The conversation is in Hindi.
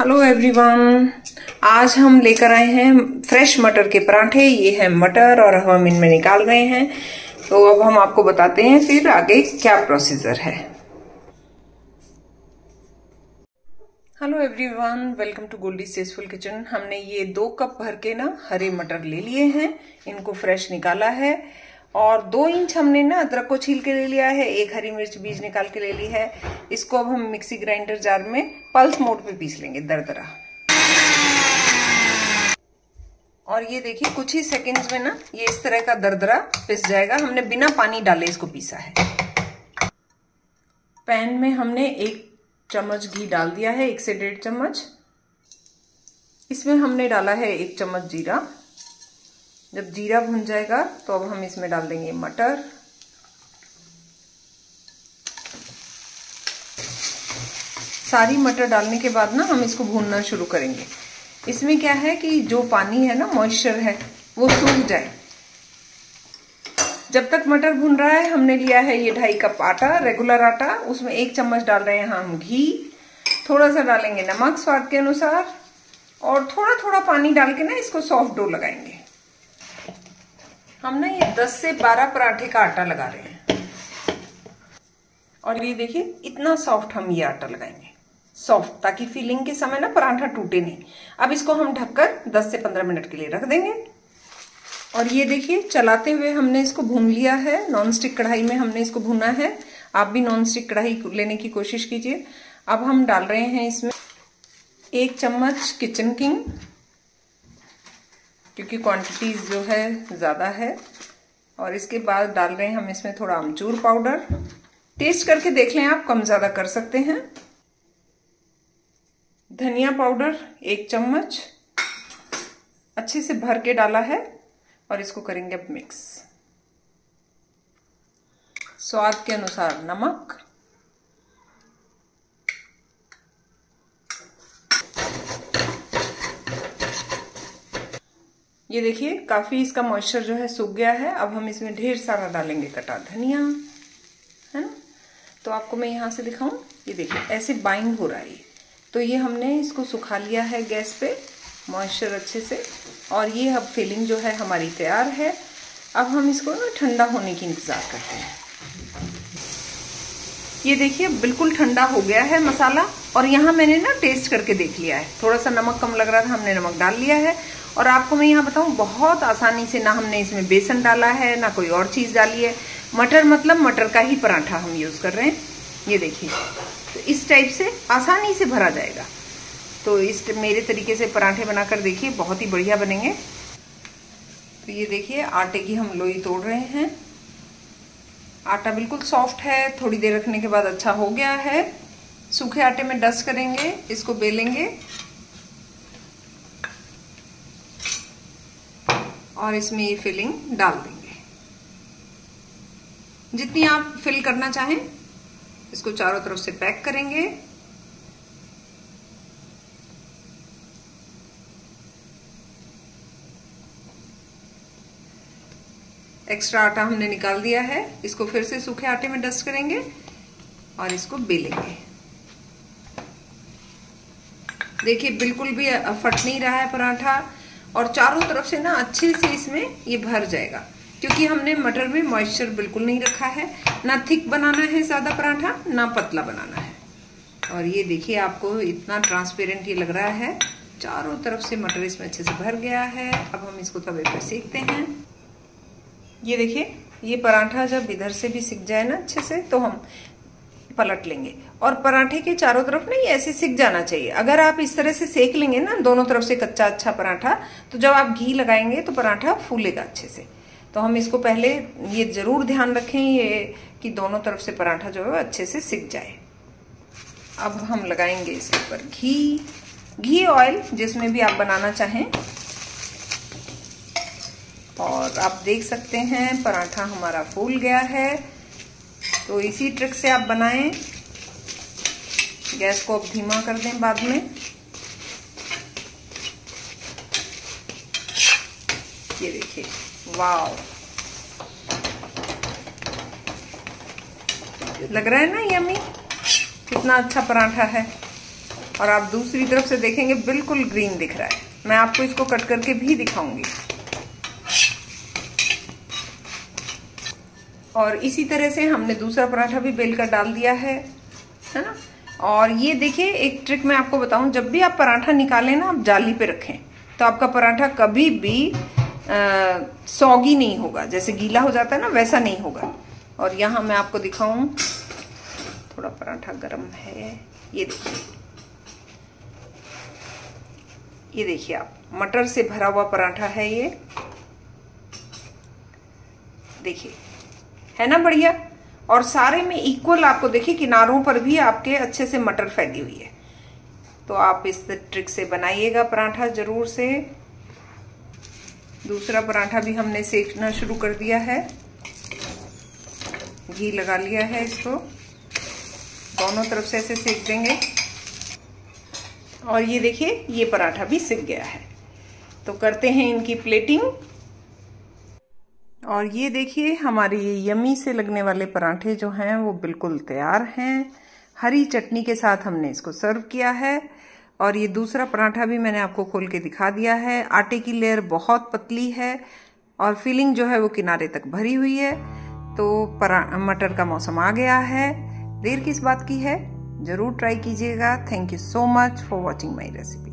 हेलो एवरीवन आज हम लेकर आए हैं फ्रेश मटर के पराठे ये है मटर और हम इनमें निकाल रहे हैं तो अब हम आपको बताते हैं फिर आगे क्या प्रोसीजर है hello everyone welcome to Goldie successful kitchen हमने ये दो कप भर के ना हरे मटर ले लिए हैं इनको फ्रेश निकाला है और दो इंच हमने ना अदरक को छील के ले लिया है एक हरी मिर्च बीज निकाल के ले ली है इसको अब हम मिक्सी ग्राइंडर जार में पल्स मोड पे पीस लेंगे दरदरा और ये देखिए कुछ ही सेकंड्स में ना ये इस तरह का दरदरा पिस जाएगा हमने बिना पानी डाले इसको पीसा है पैन में हमने एक चम्मच घी डाल दिया है एक से डेढ़ चम्मच इसमें हमने डाला है एक चम्मच जीरा जब जीरा भुन जाएगा तो अब हम इसमें डाल देंगे मटर सारी मटर डालने के बाद ना हम इसको भूनना शुरू करेंगे इसमें क्या है कि जो पानी है ना मॉइस्चर है वो सूख जाए जब तक मटर भून रहा है हमने लिया है ये ढाई कप आटा रेगुलर आटा उसमें एक चम्मच डाल रहे हैं हम घी थोड़ा सा डालेंगे नमक स्वाद के अनुसार और थोड़ा थोड़ा पानी डाल के ना इसको सॉफ्ट डो लगाएंगे हम ना ये 10 से 12 पराठे का आटा लगा रहे हैं और ये देखिए इतना सॉफ्ट हम ये आटा लगाएंगे सॉफ्ट ताकि फीलिंग के समय ना पराठा टूटे नहीं अब इसको हम ढककर 10 से 15 मिनट के लिए रख देंगे और ये देखिए चलाते हुए हमने इसको भून लिया है नॉन स्टिक कढ़ाई में हमने इसको भूना है आप भी नॉन स्टिक कढ़ाई लेने की कोशिश कीजिए अब हम डाल रहे हैं इसमें एक चम्मच किचन किंग क्योंकि क्वांटिटीज़ जो है ज़्यादा है और इसके बाद डाल रहे हैं हम इसमें थोड़ा अमचूर पाउडर टेस्ट करके देख लें आप कम ज़्यादा कर सकते हैं धनिया पाउडर एक चम्मच अच्छे से भर के डाला है और इसको करेंगे अब मिक्स स्वाद के अनुसार नमक ये देखिए काफ़ी इसका मॉइस्चर जो है सूख गया है अब हम इसमें ढेर सारा डालेंगे कटा धनिया है ना तो आपको मैं यहाँ से दिखाऊं ये देखिए ऐसे बाइंड हो रहा है तो ये हमने इसको सुखा लिया है गैस पे मॉइस्चर अच्छे से और ये अब फिलिंग जो है हमारी तैयार है अब हम इसको ना ठंडा होने की इंतज़ार करते हैं ये देखिए बिल्कुल ठंडा हो गया है मसाला और यहाँ मैंने ना टेस्ट करके देख लिया है थोड़ा सा नमक कम लग रहा था हमने नमक डाल लिया है और आपको मैं यहाँ बताऊँ बहुत आसानी से ना हमने इसमें बेसन डाला है ना कोई और चीज़ डाली है मटर मतलब मटर का ही पराठा हम यूज़ कर रहे हैं ये देखिए तो इस टाइप से आसानी से भरा जाएगा तो इस मेरे तरीके से पराठे बनाकर देखिए बहुत ही बढ़िया बनेंगे तो ये देखिए आटे की हम लोई तोड़ रहे हैं आटा बिल्कुल सॉफ्ट है थोड़ी देर रखने के बाद अच्छा हो गया है सूखे आटे में डस्ट करेंगे इसको बेलेंगे और इसमें ये फिलिंग डाल देंगे जितनी आप फिल करना चाहें इसको चारों तरफ से पैक करेंगे एक्स्ट्रा आटा हमने निकाल दिया है इसको फिर से सूखे आटे में डस्ट करेंगे और इसको बेलेंगे देखिए बिल्कुल भी फट नहीं रहा है पराठा और चारों तरफ से ना अच्छे से इसमें ये भर जाएगा क्योंकि हमने मटर में मॉइस्चर बिल्कुल नहीं रखा है ना थिक बनाना है ज़्यादा पराठा ना पतला बनाना है और ये देखिए आपको इतना ट्रांसपेरेंट ये लग रहा है चारों तरफ से मटर इसमें अच्छे से भर गया है अब हम इसको तवे पर सेकते हैं ये देखिए ये पराठा जब इधर से भी सिक जाए ना अच्छे से तो हम पलट लेंगे और पराठे के चारों तरफ ना ये ऐसे सिक जाना चाहिए अगर आप इस तरह से सेक लेंगे ना दोनों तरफ से कच्चा अच्छा पराठा तो जब आप घी लगाएंगे तो पराठा फूलेगा अच्छे से तो हम इसको पहले ये ज़रूर ध्यान रखें ये कि दोनों तरफ से पराठा जो है अच्छे से सिक जाए अब हम लगाएंगे इसके ऊपर घी घी ऑयल जिसमें भी आप बनाना चाहें और आप देख सकते हैं पराठा हमारा फूल गया है तो इसी ट्रिक से आप बनाएं गैस को आप धीमा कर दें बाद में ये देखिए वाव लग रहा है ना यमी कितना अच्छा पराठा है और आप दूसरी तरफ से देखेंगे बिल्कुल ग्रीन दिख रहा है मैं आपको इसको कट करके भी दिखाऊंगी और इसी तरह से हमने दूसरा पराठा भी बेल कर डाल दिया है है ना और ये देखिए एक ट्रिक मैं आपको बताऊं जब भी आप पराठा निकालें ना आप जाली पे रखें तो आपका पराठा कभी भी आ, सौगी नहीं होगा जैसे गीला हो जाता है ना वैसा नहीं होगा और यहाँ मैं आपको दिखाऊं थोड़ा पराठा गर्म है ये देखिए ये देखिए आप मटर से भरा हुआ पराठा है ये देखिए है ना बढ़िया और सारे में इक्वल आपको देखिए किनारों पर भी आपके अच्छे से मटर फैली हुई है तो आप इस ट्रिक से बनाइएगा पराठा जरूर से दूसरा पराठा भी हमने सेकना शुरू कर दिया है घी लगा लिया है इसको दोनों तरफ से ऐसे सेक देंगे और ये देखिए ये पराठा भी सिक गया है तो करते हैं इनकी प्लेटिंग और ये देखिए हमारे ये यमी से लगने वाले पराठे जो हैं वो बिल्कुल तैयार हैं हरी चटनी के साथ हमने इसको सर्व किया है और ये दूसरा पराठा भी मैंने आपको खोल के दिखा दिया है आटे की लेयर बहुत पतली है और फीलिंग जो है वो किनारे तक भरी हुई है तो मटर का मौसम आ गया है देर किस बात की है ज़रूर ट्राई कीजिएगा thank you so much for watching my recipe